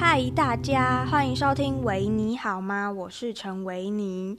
嗨，大家，歡迎收聽維尼好嗎？我是陳維尼。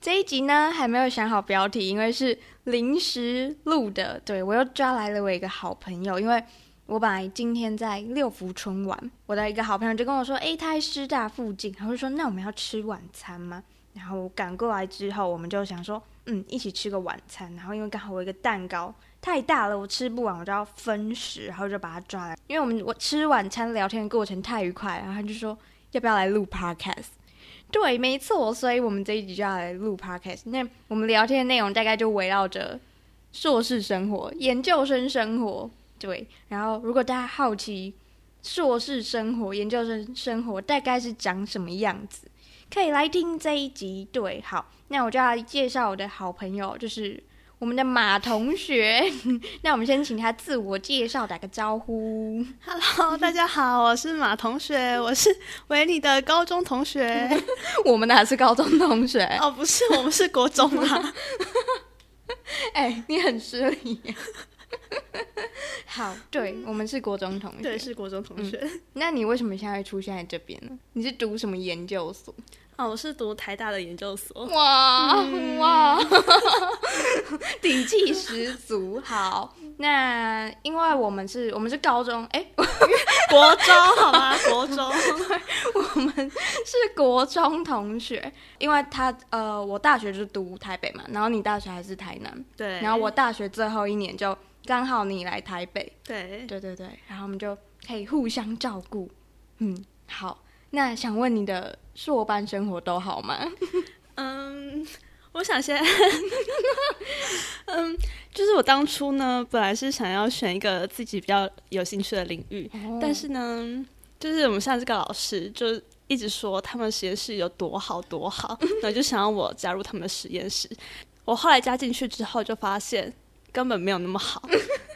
這一集呢，還沒有想好標題，因為是臨時錄的。對，我又抓來了我一個好朋友，因為。我本來今天在六福春晚，我的一個好朋友就跟我說：“哎，他師大附近。”然後就說：“那我們要吃晚餐嗎？”然後趕過來之後，我們就想說：“嗯，一起吃個晚餐。”然後因為剛好我一個蛋糕太大了，我吃不完，我就要分食，然後就把它抓來。因為我們我吃晚餐聊天的過程太愉快，然後他就說：“要不要來錄 podcast？” 對，沒錯，所以我們這一集就要來錄 podcast。那我們聊天的內容大概就圍繞着碩士生活、研究生生活。對，然後如果大家好奇碩士生活、研究生生活大概是長什麼樣子，可以來聽這一集。對，好，那我就要介紹我的好朋友，就是我們的馬同學。 那我們先請他自我介紹，打個招呼。Hello，大家好，我是馬同學， 我是維尼的高中同學。 我們哪是高中同學哦，不是，我們是國中啦、啊。哎、 欸，你很失禮呀、啊。 好，對、嗯、我們是國中同學，對，是國中同學。嗯、那你為什麼現在會出現在這邊呢？你是讀什麼研究所？哦，我是讀台大的研究所。哇哇，底氣十足。 好，那因為我們是我們是高中，哎、欸，國中 好嗎？國中，我們是國中同學，因為他呃，我大學就是讀台北嘛，然後你大學還是台南，對，然後我大學最後一年就剛好你來台北。對對對對，然後我們就可以互相照顧。嗯，好，那想問你的碩班生活都好嗎？嗯，我想先， 嗯，就是我當初呢，本來是想要選一個自己比較有興趣的領域，哦、但是呢，就是我們像這個老師，就一直說他們實驗室有多好多好，然後 就想要我加入他們的實驗室。我後來加進去之後，就發現根本沒有那麼好。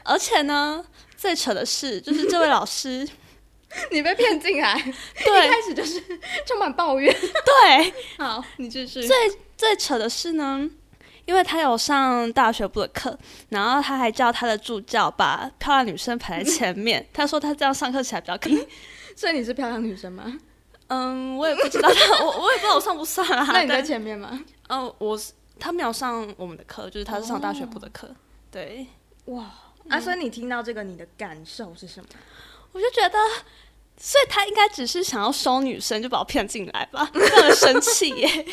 而且呢，最扯的是，就是這位老師， 你被騙進來，對，一開始就是 充滿抱怨。對，好，你繼續。最最扯的是呢，因為他有上大學部的課，然後他還叫他的助教把漂亮女生排在前面。 他說他這樣上課起來比較可以。所以你是漂亮女生嗎？嗯，我也不知道他，我我也不知道我上不上啊？ 但那你在前面嗎？哦、呃，我是他沒有上我們的課，就是他是上大學部的課。哦、對，哇。啊，所以你聽到這個，你的感受是什麼？我就覺得，所以他應該只是想要收女生，就把我騙進來吧。我很生氣耶！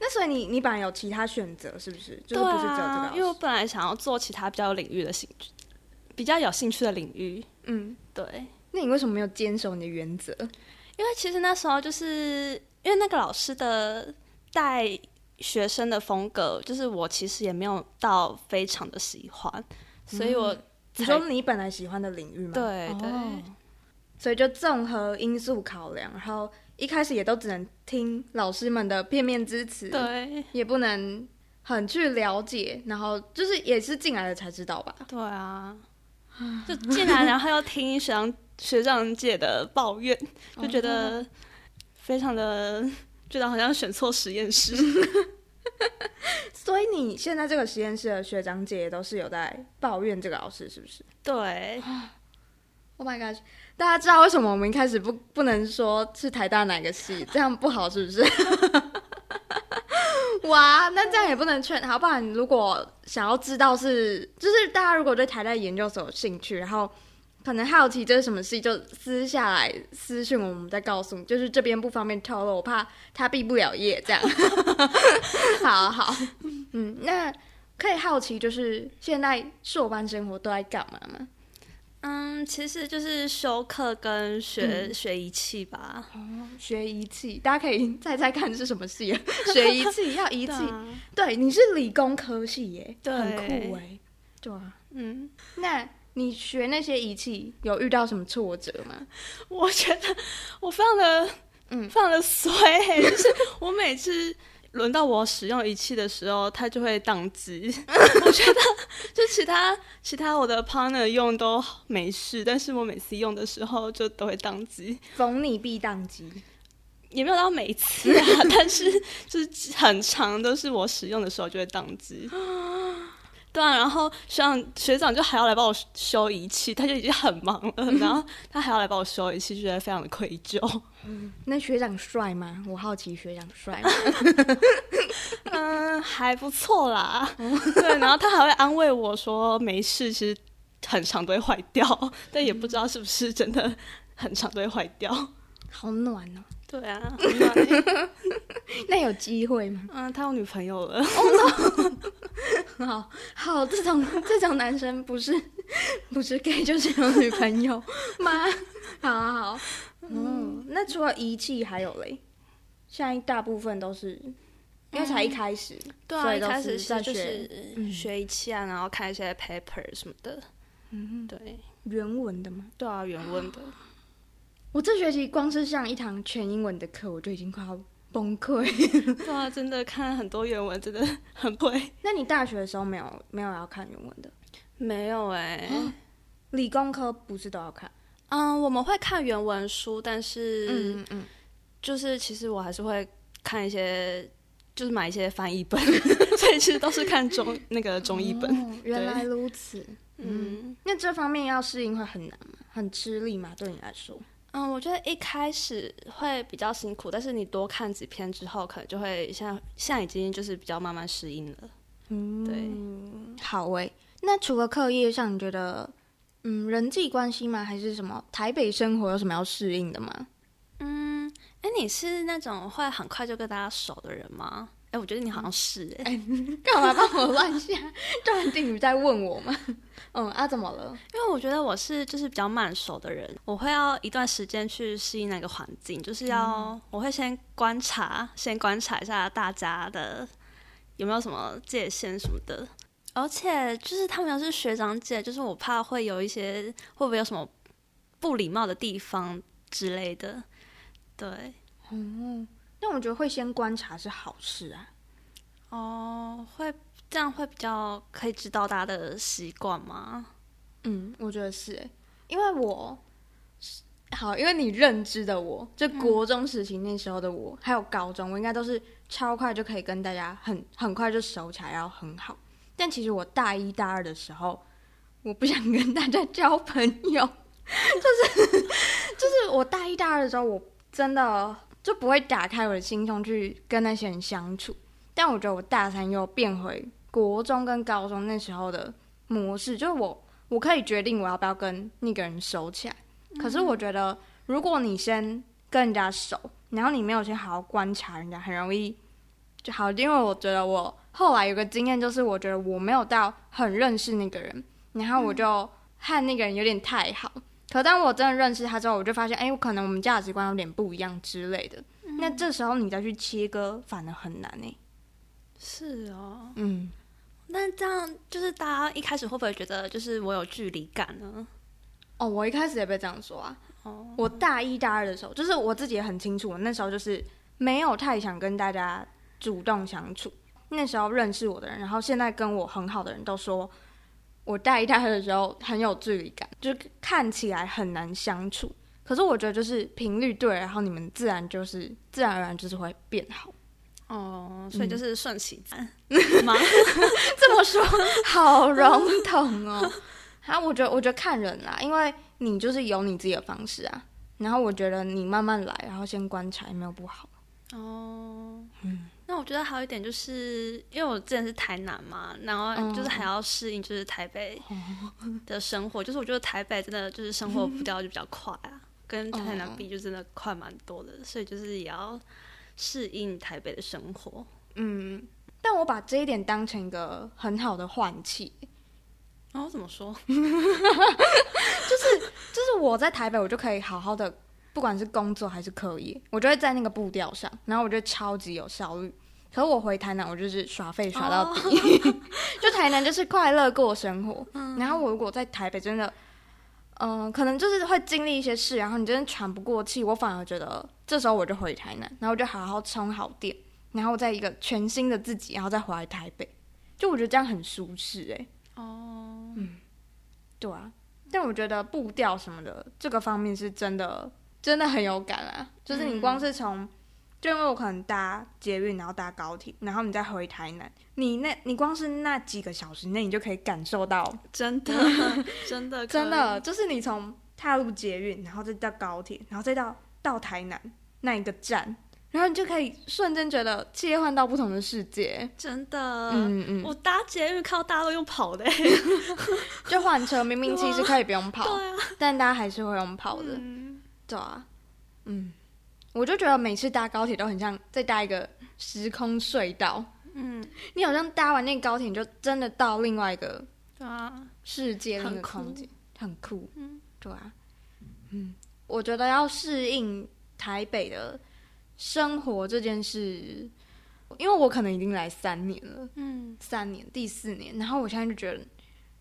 那所以你，你本來有其他選擇，是不是？就是、不是這個？對啊。因為我本來想要做其他比較領域的興趣，比較有興趣的領域。嗯，對。那你為什麼沒有堅守你的原則？因為其實那時候就是因為那個老師的帶學生的風格，就是我其實也沒有到非常的喜歡。所以我、嗯、你說你本來喜歡的領域嘛，對對，所以就綜合因素考量，然後一開始也都只能聽老師們的片面之詞，對，也不能很去了解，然後就是也是進來了才知道吧，對啊，就進來然後要聽學長 學長姐的抱怨，就覺得非常的覺得好像選錯實驗室。 所以你現在這個實驗室的學長姐都是有在抱怨這個老師，是不是？對。Oh my god！大家知道為什麼我們一開始不不能說是台大哪個系，這樣不好，是不是？ 哇，那這樣也不能勸，好，不然如果想要知道是，就是大家如果對台大研究所有興趣，然後。可能好奇這是什麼系，就私下來私訊我們，再告訴你。就是這邊不方便透露，我怕他畢不了業這樣。 好、啊、好，嗯，那可以好奇就是現在碩班生活都在幹嘛嗎？嗯，其實就是修課跟學、嗯、學儀器吧。哦，學儀器，大家可以猜猜看是什麼系？ 學儀器要儀器，對，啊、對，你是理工科系耶，對很酷哎。對、啊，嗯，那。你學那些儀器有遇到什麼挫折嗎？我覺得我非常的，嗯，非常的衰。就是我每次輪到我使用儀器的時候，它就會宕機。 我覺得就其他其他我的 partner 用都沒事，但是我每次用的時候就都會宕機，逢你必宕機，也沒有到每次啊， 但是就是很常都是我使用的時候就會宕機。 對、啊，然後學長學長就還要來幫我修儀器，他就已經很忙了，嗯、然後他還要來幫我修儀器，就覺得非常的愧疚、嗯。那學長帥嗎？我好奇學長帥嗎？ 嗯，還不錯啦。嗯、對，然後他還會安慰我說沒事，其實很常都會壞掉，但也不知道是不是真的很常都會壞掉。嗯、好暖哦。對啊，那有機會嗎？嗯，他有女朋友了。哦 no，好好，這種這種男生不是不是 gay 就是有女朋友嘛。好好，嗯，那除了儀器還有嘞？現在大部分都是，因為才一開始，一開始是在學學儀器啊，然後看一些 paper 什麼的。嗯，對，原文的嘛。對啊，原文的。我這學期光是上一堂全英文的課，我就已經快要崩潰了、。 啊、真的看很多原文真的很累。那你大學的時候沒有沒有要看原文的？沒有哎、欸，哦、理工科不是都要看？嗯，我們會看原文書，但是嗯嗯嗯，嗯就是其實我還是會看一些，就是買一些翻譯本， 所以其實都是看中 那個中譯本。哦、對原來如此，嗯。嗯，那這方面要適應會很難很吃力嘛？對你來說？嗯，我覺得一開始會比較辛苦，但是你多看幾篇之後，可能就會像像已經就是比較慢慢適應了。嗯，對。好喂。那除了課業上，你覺得，嗯，人際關係嗎？還是什麼？台北生活有什麼要適應的嗎？嗯，哎、欸，你是那種會很快就跟大家熟的人嗎？哎、欸，我覺得你好像是。哎、欸，幹嘛幫我亂下斷定？你在問我嗎？嗯啊，怎麼了？因為我覺得我是就是比較慢熟的人，我會要一段時間去適應那個環境，就是要我會先觀察，嗯、先觀察一下大家的有沒有什麼界限什麼的。而且就是他們要是學長姐，就是我怕會有一些會不會有什麼不禮貌的地方之類的。對，嗯。但我覺得會先觀察是好事啊。哦，會這樣會比較可以知道大家的習慣嗎？嗯，我覺得是，因為我好，因為你認知的我就國中時期那時候的我，嗯、還有高中，我應該都是超快就可以跟大家很很快就熟起來，然後很好。但其實我大一大二的時候，我不想跟大家交朋友，就是 就是我大一大二的時候，我真的。就不會打開我的心胸去跟那些人相處，但我覺得我大三又變回國中跟高中那時候的模式，就是我我可以決定我要不要跟那個人熟起來。嗯、可是我覺得，如果你先跟人家熟，然後你沒有去好好觀察人家，很容易就好。因為我覺得我後來有個經驗，就是我覺得我沒有到很認識那個人，然後我就和那個人有點太好。嗯可當我真的認識他之後，我就發現，哎、欸，我可能我們價值觀有點不一樣之類的。嗯、那這時候你再去切割，反而很難呢、欸？是啊、哦，嗯。那這樣就是大家一開始會不會覺得，就是我有距離感呢？哦，我一開始也被這樣說啊。哦。Oh. 我大一、大二的時候，就是我自己也很清楚，那時候就是沒有太想跟大家主動相處。那時候認識我的人，然後現在跟我很好的人都說。我帶他的時候很有距離感，就看起來很難相處。可是我覺得就是頻率對，然後你們自然就是自然而然就是會變好。哦，所以就是順其自然，嗯， 這麼說 好籠統哦。 啊，我覺得我覺得看人啦，啊，因為你就是有你自己的方式啊。然後我覺得你慢慢來，然後先觀察有沒有不好。哦，嗯。那我覺得還有一點，就是因為我之前是台南嘛，然後就是還要適應就是台北的生活。嗯嗯、就是我覺得台北真的就是生活步調就比較快啊，嗯、跟台南比就真的快蠻多的，嗯、所以就是也要適應台北的生活。嗯，但我把這一點當成一個很好的換氣。後、哦、怎麼說？ 就是就是我在台北，我就可以好好的，不管是工作還是課業，我就會在那個步調上，然後我覺得超級有效率。可是我回台南，我就是耍廢耍到底，oh. 就台南就是快樂過生活。Mm. 然後我如果在台北，真的，嗯、呃，可能就是會經歷一些事，然後你真的喘不過氣。我反而覺得這時候我就回台南，然後我就好好充好電，然後再一個全新的自己，然後再回來台北。就我覺得這樣很舒適，哎，哦，嗯，對啊。但我覺得步調什麼的，這個方面是真的，真的很有感啊。Mm hmm. 就是你光是從。就因為我可能搭捷運，然後搭高鐵，然後你再回台南，你那，你光是那幾個小時內，你就可以感受到，真的，真的， 真的，就是你從踏入捷運，然後再到高鐵，然後再到到台南那一個站，然後你就可以瞬間覺得切換到不同的世界，真的，嗯嗯，嗯，我搭捷運靠大陸用跑的。 就換車明明其實可以不用跑，啊、但大家還是會用跑的，嗯、對啊，嗯。我就覺得每次搭高鐵都很像再搭一個時空隧道。嗯，你好像搭完那個高鐵就真的到另外一個啊世界，很空，很酷。很酷嗯、對啊，嗯，我覺得要適應台北的生活這件事，因為我可能已經來三年了。嗯，三年，第四年，然後我現在就覺得。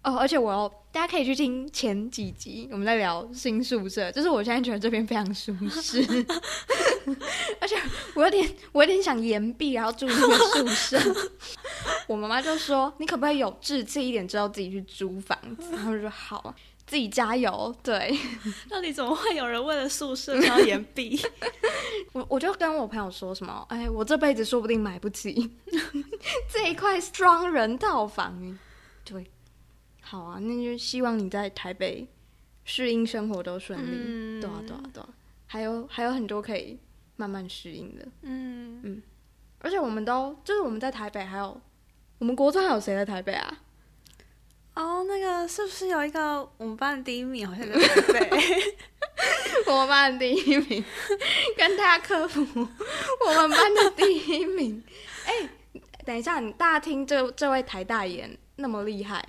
哦，而且我要大家可以去聽前幾集，我們在聊新宿舍，就是我現在覺得這邊非常舒適， 而且我有點我有點想延畢，然後住那個宿舍。 我媽媽就說：“你可不可以有志氣一點，之後自己去租房子？” 然後我就說：“好，自己加油。”對，到底怎麼會有人為了宿舍要延畢？ 我我就跟我朋友說什麼：“哎，我這輩子說不定買不起 這一塊雙人套房。”對。好啊，那就希望你在台北適應生活都順利。嗯、對啊，對啊，對啊，還有還有很多可以慢慢適應的。嗯嗯，而且我們都就是我們在台北，還有我們國中還有誰在台北啊？哦，那個是不是有一個我們班的第一名好像在台北？ 我們班的第一名，跟大家科普我們班的第一名。哎、 欸，等一下，你大家聽這這位台大研那麼厲害。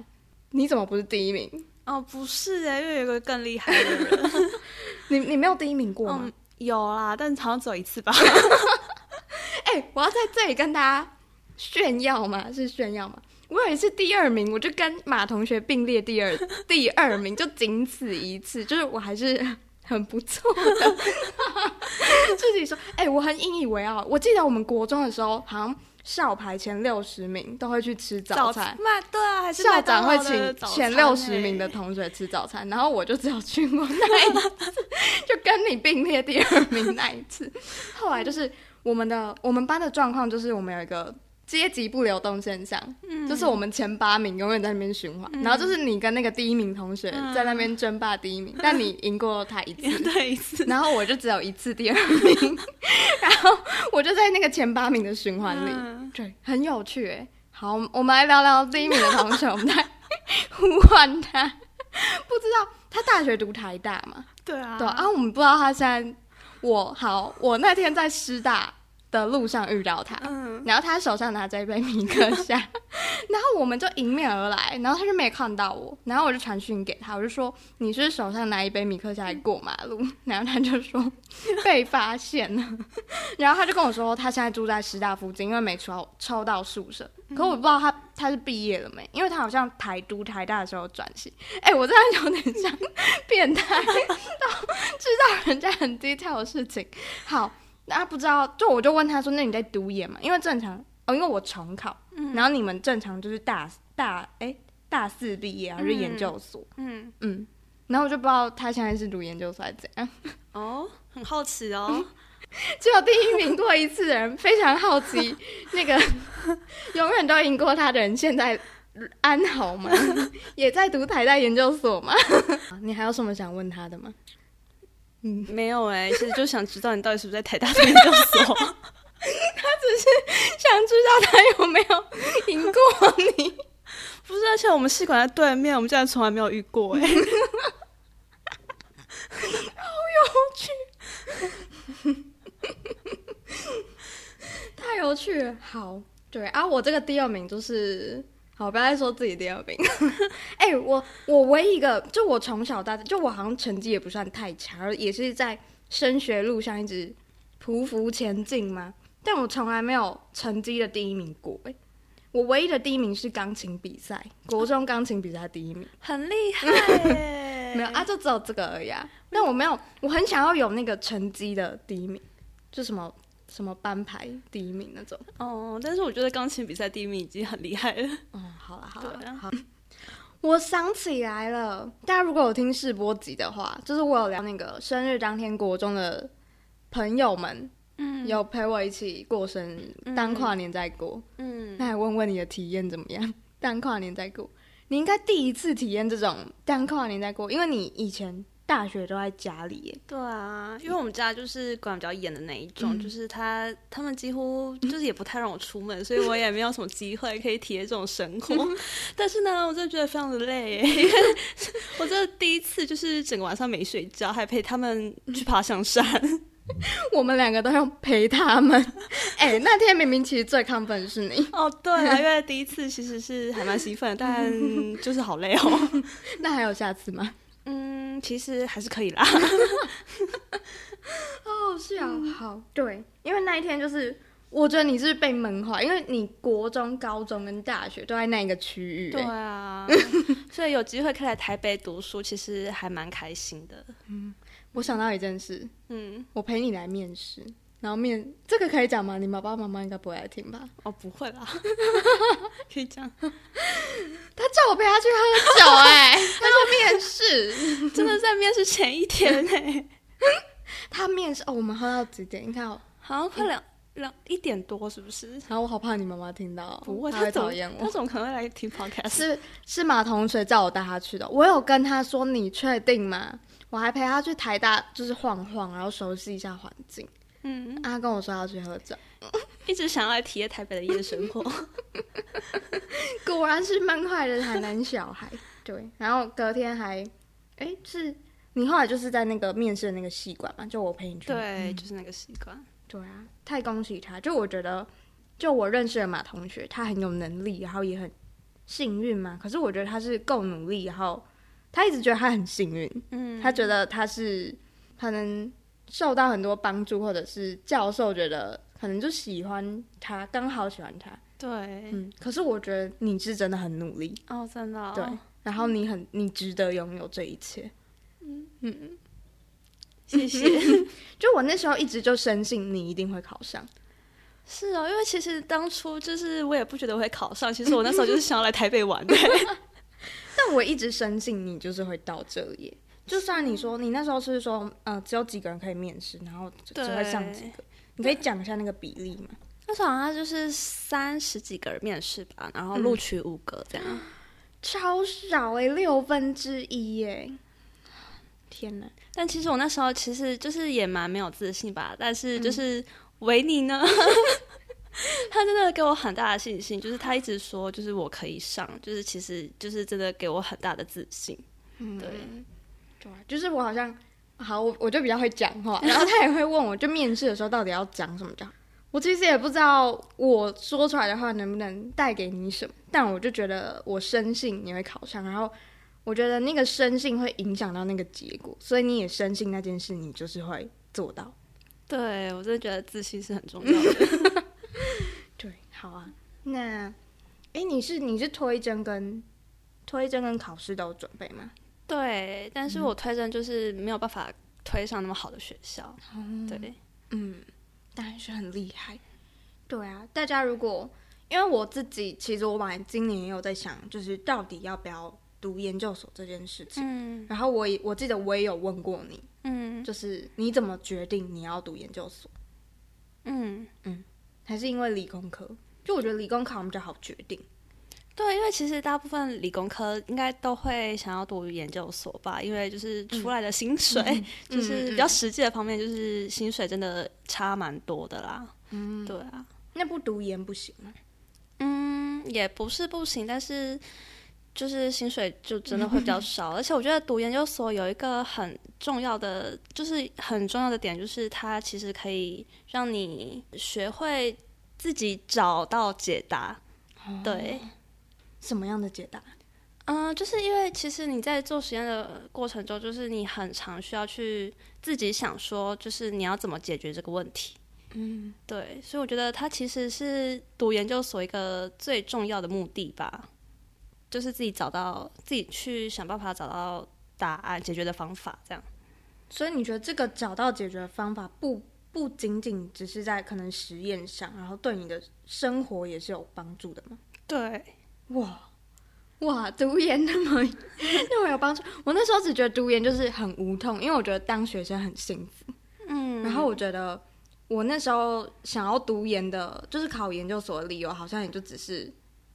你怎麼不是第一名？哦，不是哎，因為有一個更厲害的人。 你你沒有第一名過嗎？嗯、有啦，但好像只有一次吧。哎、 欸，我要在這裡跟大家炫耀嗎？是炫耀嗎？我有一次第二名，我就跟馬同學並列第二，第二名就僅此一次，就是我還是很不錯的。 自己說，哎、欸，我很引以為傲。我記得我們國中的時候好像。校排前六十名都會去吃早餐。早對啊，還是校長會請前六十名的同學吃早餐，嘿然後我就只有去過那一次， 就跟你並列第二名那一次。 後來就是我們的我們班的狀況，就是我們有一個。階級不流動現象，嗯、就是我們前八名永遠在那邊循環，嗯、然後就是你跟那個第一名同學在那邊爭霸第一名，嗯、但你贏過他一次，對一次，然後我就只有一次第二名，嗯、 然後我就在那個前八名的循環裡，嗯、對，很有趣。哎，好，我們來聊聊第一名的同學，嗯、我們來呼喚他，不知道他大學讀台大嗎？對啊，對啊，我們不知道他現在，我好，我那天在師大。的路上遇到他，然後他手上拿着一杯米克夏，嗯、然後我們就迎面而來，然後他就沒看到我，然後我就傳訊給他，我就說你是手上拿一杯米克夏來過馬路，然後他就說被發現了，嗯、然後他就跟我說他現在住在師大附近，因為沒抽到抽到宿舍，可我不知道他他是畢業了沒，因為他好像台都台大的時候轉系，哎、欸，我真的有點像變態，嗯、知道人家很低調的事情，好。那、啊、不知道，就我就問他說：“那你在讀研嘛？因為正常，哦，因為我重考，嗯、然後你們正常就是大大哎、欸、大四畢業還、啊嗯、是研究所？嗯嗯，然後我就不知道他現在是讀研究所還是怎樣。哦，很好奇哦、嗯，只有第一名過一次的人 非常好奇，那個永遠都贏過他的人現在安好嗎？也在讀台大研究所嗎？ 你還有什麼想問他的嗎？”嗯，沒有哎、欸，其實就想知道你到底是不是在台大做研究所。 他只是想知道他有沒有贏過你， 不是？而且我們系館在對面，我們竟然從來沒有遇過哎、欸， 好有趣， 太有趣了。好，對啊，我這個第二名就是。好、哦，不要再說自己第二名。哎、 欸，我我唯一一個，就我從小到大，就我好像成績也不算太強，而也是在升學路上一直匍匐前進嘛。但我從來沒有成績的第一名過。哎、欸，我唯一的第一名是鋼琴比賽，國中鋼琴比賽第一名，很厲害。 耶沒有啊，就只有這個而已啊。那我沒有，我很想要有那個成績的第一名，就什麼？什麼班排第一名那種？哦，但是我覺得鋼琴比賽第一名已經很厲害了。哦、嗯，好了好了、啊，我想起來了，大家如果有聽試播集的話，就是我有聊那個生日當天國中的朋友們，嗯，有陪我一起過生日，當跨年在過，嗯，那還問問你的體驗怎麼樣？當跨年在過，你應該第一次體驗這種當跨年在過，因為你以前。大學都在家裡，對啊，因為我們家就是管比較嚴的那一種，嗯、就是他他們幾乎就是也不太讓我出門，嗯、所以我也沒有什麼機會可以體驗這種生活。嗯、但是呢，我真的覺得非常的累，因為我這第一次，就是整個晚上沒睡覺，還陪他們去爬上山，我們兩個都要陪他們。哎、欸，那天明明其實最亢奮的是你哦，對啊，因為第一次其實是還蠻興奮，嗯、但就是好累哦、喔。 那還有下次嗎？嗯，其實還是可以啦。 哦、是啊，嗯、好對，因為那一天就是，我覺得你是被萌化，因為你國中、高中跟大學都在那一個區域。對啊， 所以有機會可以來台北讀書，其實還蠻開心的。嗯，我想到一件事，嗯，我陪你來面試。然後面這個可以講嗎？你爸爸媽媽應該不會來聽吧？哦，不會啦， 可以講。他叫我陪他去喝酒，欸，哎，他說面試， 真的在面試前一天呢，欸。他面試哦，我們喝到幾點？你看好像快，嗯，兩兩一點多，是不是？然後我好怕你媽媽聽到，不會，她會討厭我，她怎麼可能來聽 Podcast 是。是是，馬同學叫我帶他去的。我有跟他說，你確定嗎？我還陪他去台大，就是晃晃，然後熟悉一下環境。嗯，他、啊、跟我說要去喝酒，一直想要來體驗台北的夜生活， 果然是蠻壞的，台南小孩。 對，然後隔天還，哎、欸，是你後來就是在那個面試的那個戲館嘛？就我陪你去，對，嗯、就是那個戲館。對啊，太恭喜他！就我覺得，就我認識的馬同學，他很有能力，然後也很幸運嘛。可是我覺得他是夠努力，然後他一直覺得他很幸運。嗯，他覺得他是他能受到很多幫助，或者是教授覺得可能就喜歡他，剛好喜歡他。對，嗯。可是我覺得你是真的很努力哦，真的、哦。對，然後你很，嗯、你值得擁有這一切。嗯嗯嗯，謝謝。 就我那時候一直就深信你一定會考上。是哦，因為其實當初就是我也不覺得我會考上，其實我那時候就是想要來台北玩。 對 但我一直深信你就是會到這裡。就算你說你那時候是，是說，呃，只有幾個人可以面試，然後就對會上幾個，你可以講一下那個比例嗎？那時候好像就是三十幾個人面試吧，然後錄取五個這樣，嗯、超少哎、欸，六分之一哎、欸，天哪！但其實我那時候其實就是也蠻沒有自信吧，但是就是維尼、嗯、你呢， 他真的給我很大的信心，就是他一直說就是我可以上，就是其實就是真的給我很大的自信，嗯、對。對，就是我好像好，我我就比較會講話， 然後他也會問我，就面試的時候到底要講什麼講。我其實也不知道我說出來的話能不能帶給你什麼，但我就覺得我深信你會考上，然後我覺得那個深信會影響到那個結果，所以你也深信那件事你就是會做到。對，我真的覺得自信是很重要的。 對，好啊，那誒，你是你是推甄跟推甄跟考試都有準備嗎？對，但是我推薦，就是沒有辦法推上那麼好的學校，嗯、對，嗯，但還是很厲害。對啊，大家如果因為我自己，其實我本來今年也有在想，就是到底要不要讀研究所這件事情。嗯、然後我我記得我也有問過你，嗯，就是你怎麼決定你要讀研究所？嗯嗯，還是因為理工科？就我覺得理工科比較好決定。對，因為其實大部分理工科應該都會想要讀研究所吧，因為就是出來的薪水，就是比較實際的方面，就是薪水真的差蠻多的啦。嗯，對啊。那不讀研不行嗎？嗯，也不是不行，但是就是薪水就真的會比較少。嗯，而且我覺得讀研究所有一個很重要的，就是很重要的點，就是它其實可以讓你學會自己找到解答。哦，對。什麼樣的解答？嗯、呃，就是因為其實你在做實驗的過程中，就是你很常需要去自己想說，就是你要怎麼解決這個問題。嗯，對，所以我覺得它其實是讀研究所一個最重要的目的吧，就是自己找到自己去想辦法找到答案、解決的方法，這樣。所以你覺得這個找到解決的方法不，不不僅僅只是在可能實驗上，然後對你的生活也是有幫助的嗎？對。哇，哇，讀研那麼那麼有幫助。我那時候只覺得讀研就是很無痛，因為我覺得當學生很幸福。嗯，然後我覺得我那時候想要讀研的，就是考研究所的理由，好像也就只是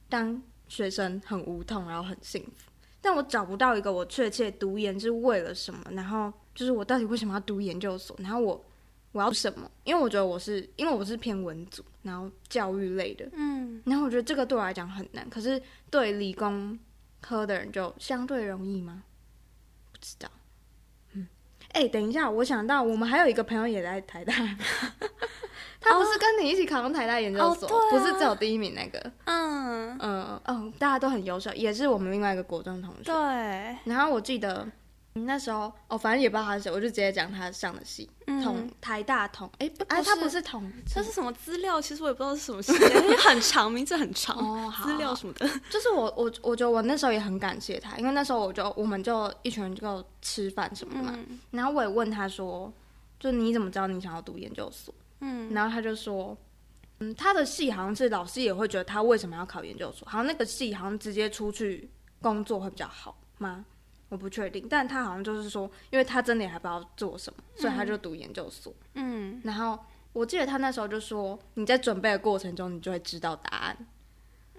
當學生很無痛，然後很幸福。但我找不到一個我確切讀研是為了什麼，然後就是我到底為什麼要讀研究所，然後我。我要什麼？因為我覺得我是，因為我是偏文組，然後教育類的，嗯，然後我覺得這個對我來講很難。可是對理工科的人就相對容易嗎？不知道。嗯。哎、欸，等一下，我想到我們還有一個朋友也在台大， 他不是跟你一起考上台大研究所，哦哦啊、不是只有第一名那個？嗯嗯嗯、呃哦，大家都很優秀，也是我們另外一個國中同學。對。然後我記得。你那時候哦，反正也不知道他是誰，我就直接講他上的系，嗯、同台大同。哎、欸，不，啊、不是，他不是同，他是什麼資料？其實我也不知道是什麼系，因為 很長，名字很長，哦，資料什麼的。就是我我我覺得我那時候也很感謝他，因為那時候我就我們就一群人就吃飯什麼的嘛，嗯、然後我也問他說，就你怎麼知道你想要讀研究所？嗯，然後他就說，嗯，他的系好像是老師也會覺得他為什麼要考研究所？好像那個系好像直接出去工作會比較好嗎？我不確定，但他好像就是說，因為他真的還不知道做什麼，所以他就讀研究所。嗯，嗯，然後我記得他那時候就說：“你在準備的過程中，你就會知道答案。”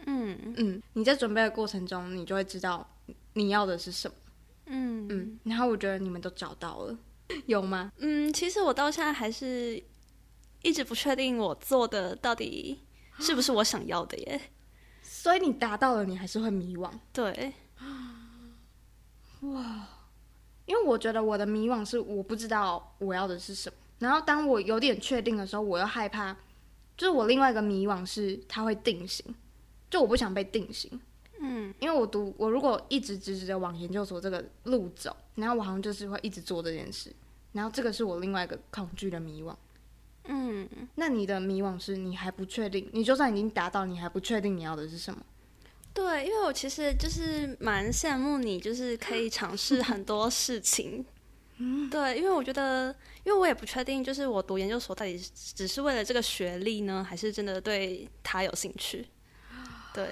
嗯，嗯，嗯，你在準備的過程中，你就會知道你要的是什麼。嗯，嗯，然後我覺得你們都找到了，有嗎？嗯，其實我到現在還是一直不確定我做的到底是不是我想要的耶。 所以你達到了，你還是會迷惘。對。哇，因為我覺得我的迷惘是我不知道我要的是什麼，然後當我有點確定的時候，我又害怕，就是我另外一個迷惘是它會定型，就我不想被定型，嗯，因為我讀我如果一直直直的往研究所這個路走，然後我好像就是會一直做這件事，然後這個是我另外一個恐懼的迷惘，嗯，那你的迷惘是你還不確定，你就算已經達到，你還不確定你要的是什麼。對，因為我其實就是蠻羨慕你，就是可以嘗試很多事情。嗯， 對，因為我覺得，因為我也不確定，就是我讀研究所到底只是為了這個學歷呢，還是真的對他有興趣？對，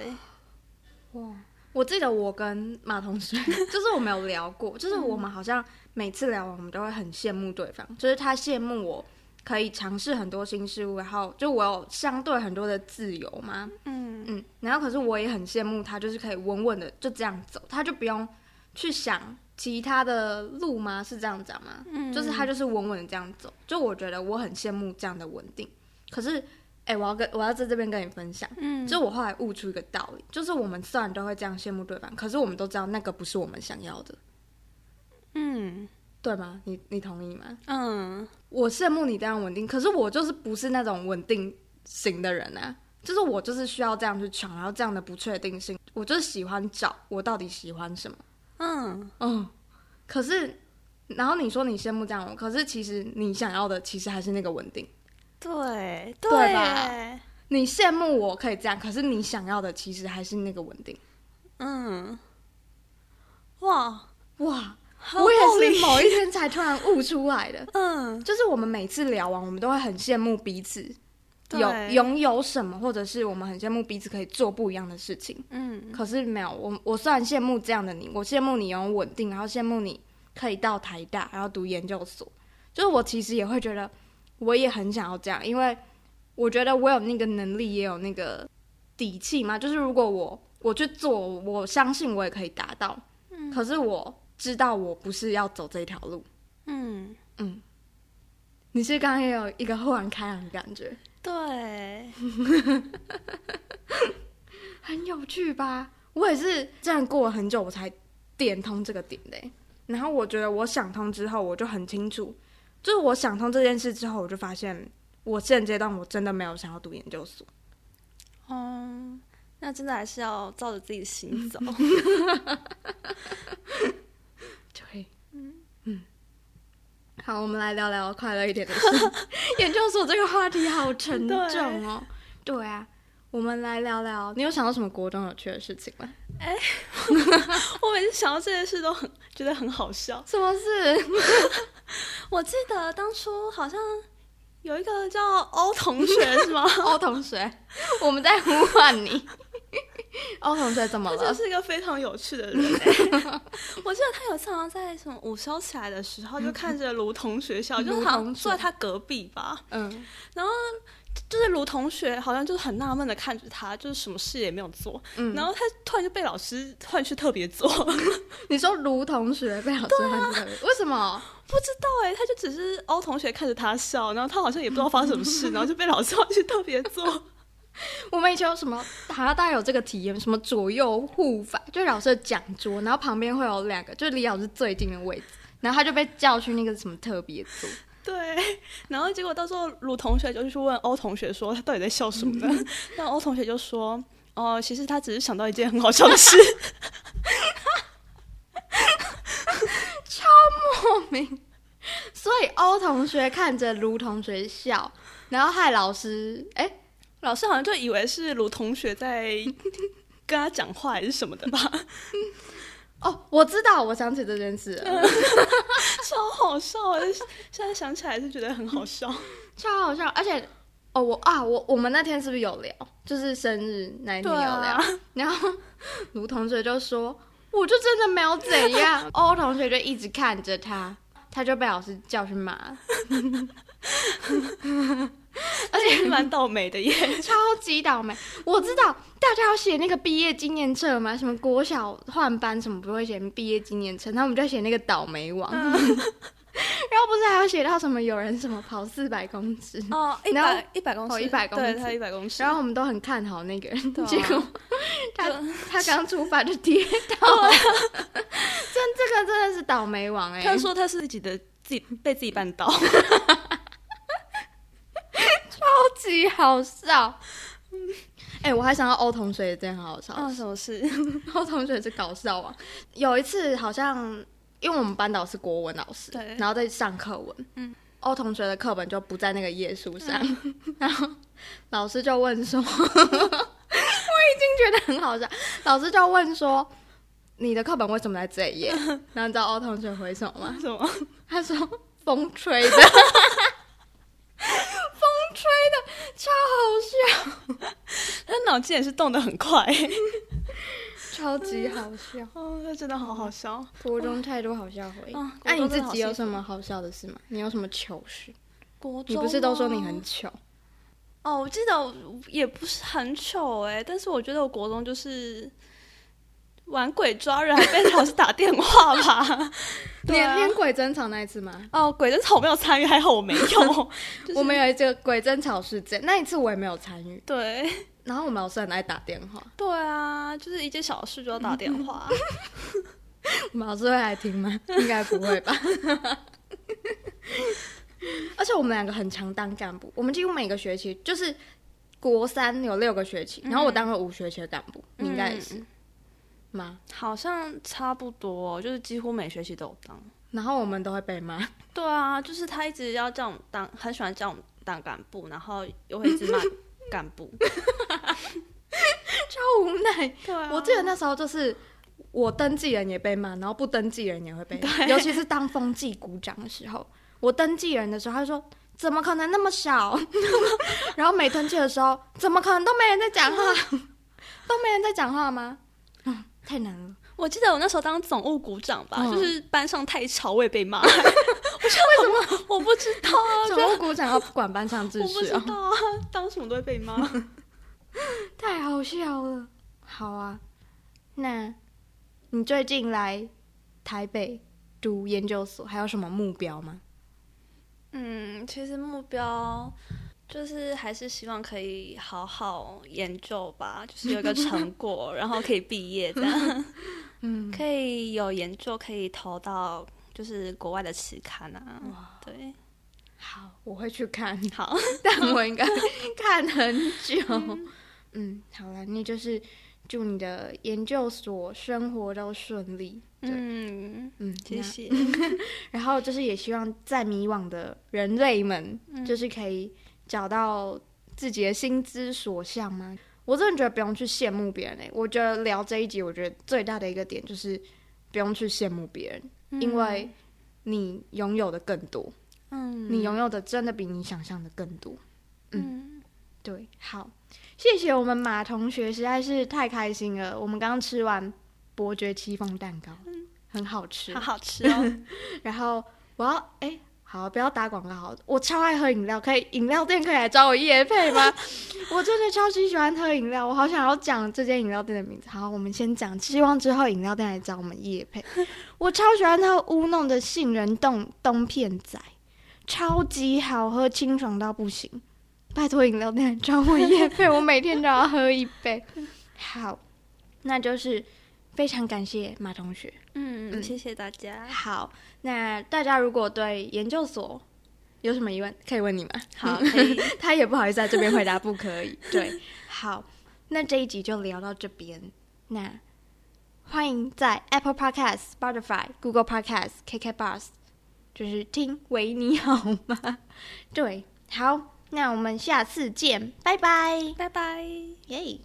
哇，我記得我跟馬同學， 就是我沒有聊過，就是我們好像每次聊完，我們都會很羨慕對方，就是他羨慕我。可以嘗試很多新事物，然後就我有相對很多的自由嘛，嗯嗯，然後可是我也很羨慕他，就是可以穩穩的就這樣走，他就不用去想其他的路嗎？是這樣講嗎？嗯，就是他就是穩穩的這樣走，就我覺得我很羨慕這樣的穩定。可是，哎、欸，我要跟我要在這邊跟你分享，嗯，就我後來悟出一個道理，就是我們雖然都會這樣羨慕對方，可是我們都知道那個不是我們想要的，嗯。對嗎？你你同意嗎？嗯，我羨慕你這樣穩定，可是我就是不是那種穩定型的人呢、啊，就是我就是需要這樣去闖，然後這樣的不確定性，我就是喜歡找我到底喜歡什麼。嗯嗯，可是，然後你說你羨慕這樣，可是其實你想要的其實還是那個穩定，對對吧？你羨慕我可以這樣，可是你想要的其實還是那個穩定。嗯，哇哇。我也是某一天才突然悟出來的， 嗯，就是我們每次聊完，我們都會很羨慕彼此有對 擁有什麼，或者是我們很羨慕彼此可以做不一樣的事情，嗯。可是沒有，我，我雖然羨慕這樣的你，我羨慕你有穩定，然後羨慕你可以到台大然後讀研究所，就是我其實也會覺得我也很想要這樣，因為我覺得我有那個能力，也有那個底氣嘛。就是如果我我去做，我相信我也可以達到。嗯，可是我。知道我不是要走這條路，嗯嗯，嗯，你是剛剛也有一個豁然開朗的感覺，對， 很有趣吧？我也是這樣過了很久，我才點通這個點的。然後我覺得我想通之後，我就很清楚，就是我想通這件事之後，我就發現我現階段我真的沒有想要讀研究所。哦、嗯，那真的還是要照着自己的心走。 嗯，好，我們來聊聊快樂一點的事。 研究所這個話題好沉重哦。對，對啊，我們來聊聊，你有想到什麼國中有趣的事情嗎？哎、欸，我每次想到這件事都很覺得很好笑。什麼事？ 我記得當初好像有一個叫歐同學，是嗎？歐 同學，我們在呼喚你。凹同學怎麼了？就是一個非常有趣的人、欸。 我記得他有常常在什麼午休起來的時候，就看着盧同、嗯、他同學，笑，就他坐在他隔壁吧。嗯，然後就是盧同學好像就很納悶的看着他，就是什麼事也沒有做。嗯，然後他突然就被老師換去特別坐。 你說盧同學被老師換去、對啊，為什麼？不知道哎，欸，他就只是凹同學看着他笑，然後他好像也不知道發生什麼事，嗯，然後就被老師換去特別坐。我們以前有什麼好像，啊，大家有這個體驗，什麼左右護法，就老師的講桌，然後旁邊會有兩個，就是離老師最近的位置，然後他就被叫去那個什麼特別組。對，然後結果到時候盧同學就去問歐同學說：“他到底在笑什麼呢？”嗯，那歐同學就說：“哦，呃，其實他只是想到一件很好笑的事， 超莫名。”所以歐同學看着盧同學笑，然後害老師哎。老師好像就以為是盧同學在跟他講話還是什麼的吧？ 哦，我知道，我想起這件事了，嗯，超好笑啊！現在想起來是覺得很好笑，嗯，超好笑。而且，哦，我啊，我我們那天是不是有聊？就是生日那一天有聊，啊，然後盧同學就說：“我就真的沒有怎樣。”歐 同學就一直看着他，他就被老師叫去罵。 而且蠻倒霉的耶，超級倒霉！我知道大家要寫那個畢業紀念冊嘛，什麼國小換班什麼不會寫畢業紀念冊，那我們就寫那個倒霉王。然後不是還要寫到什麼有人什麼跑四百公尺哦，一百一百公，跑一百公，對，他一百公尺。然後我們都很看好那個人，結果他他剛出發就跌倒了。這這個真的是倒霉王哎！他說他是自己的自己被自己絆倒。極好笑，哎、嗯欸，我還想到歐同學也這樣很好笑。哦什麼事？歐同學是搞笑啊！有一次好像，因為我們班導是國文老師，對，然後在上課文，嗯，歐同學的課本就不在那個頁數上，對然後老師就問說，嗯、 我已經覺得很好笑，老師就問說，你的課本為什麼在這一頁？然後你知道歐同學回什麼嗎？什麼？他說風吹的。 我竟然是動得很快， 超級好笑哦，哦那真的好好笑，哦。國中太多好笑回憶。哎，哦啊啊，你自己有什麼好笑的事嗎？你有什麼糗事？國中你不是都說你很糗？哦，我記得我也不是很糗哎，欸，但是我覺得我國中就是玩鬼抓人，還被老師打電話吧。連連鬼爭吵那一次嗎？啊，哦，鬼爭吵我沒有參與，還好， 就是，我沒有。我沒有一個鬼爭吵事件，那一次我也沒有參與。對。然後我們老師很愛打電話。對啊，就是一件小事就要打電話。嗯嗯 我們老師會愛聽嗎？應該不會吧。 而且我們兩個很常當幹部，我們幾乎每個學期，就是國三有六個學期，嗯、然後我當了五學期的幹部，嗯、你應該也是、嗯、嗎？好像差不多，就是幾乎每學期都有當。然後我們都會被罵。對啊，就是他一直要叫我們當，很喜歡叫我們當幹部，然後又會一直罵幹部。 超無奈對、啊！我記得那時候就是我登記人也被罵，然後不登記人也會被罵，對尤其是當風紀股長的時候。我登記人的時候，他就說：“怎麼可能那麼少？” 然後沒登記的時候，怎麼可能都沒人在講話？ 都沒人在講話嗎？嗯，太難了！我記得我那時候當總務股長吧，嗯、就是班上太吵，我也被罵。 我說：“ 為什麼？”我不知道啊。總務股長要管班上秩序 不知道、啊、當什麼都會被罵。 太好笑了，好啊，那，你最近來台北讀研究所，還有什麼目標嗎？嗯，其實目標就是還是希望可以好好研究吧，就是有一個成果， 然後可以畢業的， 嗯，可以有研究可以投到就是國外的期刊啊，哇對。好，我會去看。好，但我應該看很久。 嗯、嗯，好了，那就是祝你的研究所生活都順利。嗯嗯，嗯謝謝。那 然後就是也希望在迷惘的人類們，就是可以找到自己的心之所向嘛？嗯、我真的覺得不用去羨慕別人。我覺得聊這一集，我覺得最大的一個點就是不用去羨慕別人，嗯、因為你擁有的更多。嗯，你擁有的真的比你想象的更多。嗯，嗯，對，好，謝謝我們馬同學，實在是太開心了。我們剛剛吃完伯爵戚、戚風蛋糕，嗯、很好吃，好好吃哦。 然後我要哎，好，不要打廣告，好，我超愛喝飲料，可以飲料店可以來找我業配嗎？ 我真的超級喜歡喝飲料，我好想要講這間飲料店的名字。好，我們先講，希望之後飲料店來找我們業配。 我超喜歡喝烏弄的杏仁凍冬片仔。超級好喝，清爽到不行！拜託飲料店找我業配！ 我每天都要喝一杯。好，那就是非常感謝馬同學。嗯嗯，嗯嗯謝謝大家。好，那大家如果對研究所有什麼疑問，可以問你嗎？你嗎好，可以。 他也不好意思在這邊回答，不可以。 對，好，那這一集就聊到這邊。那歡迎在 Apple Podcasts、Spotify、Google Podcasts、KKBOX。就是聽維尼好嗎？ 對，好，那我們下次見，拜拜，拜拜，耶。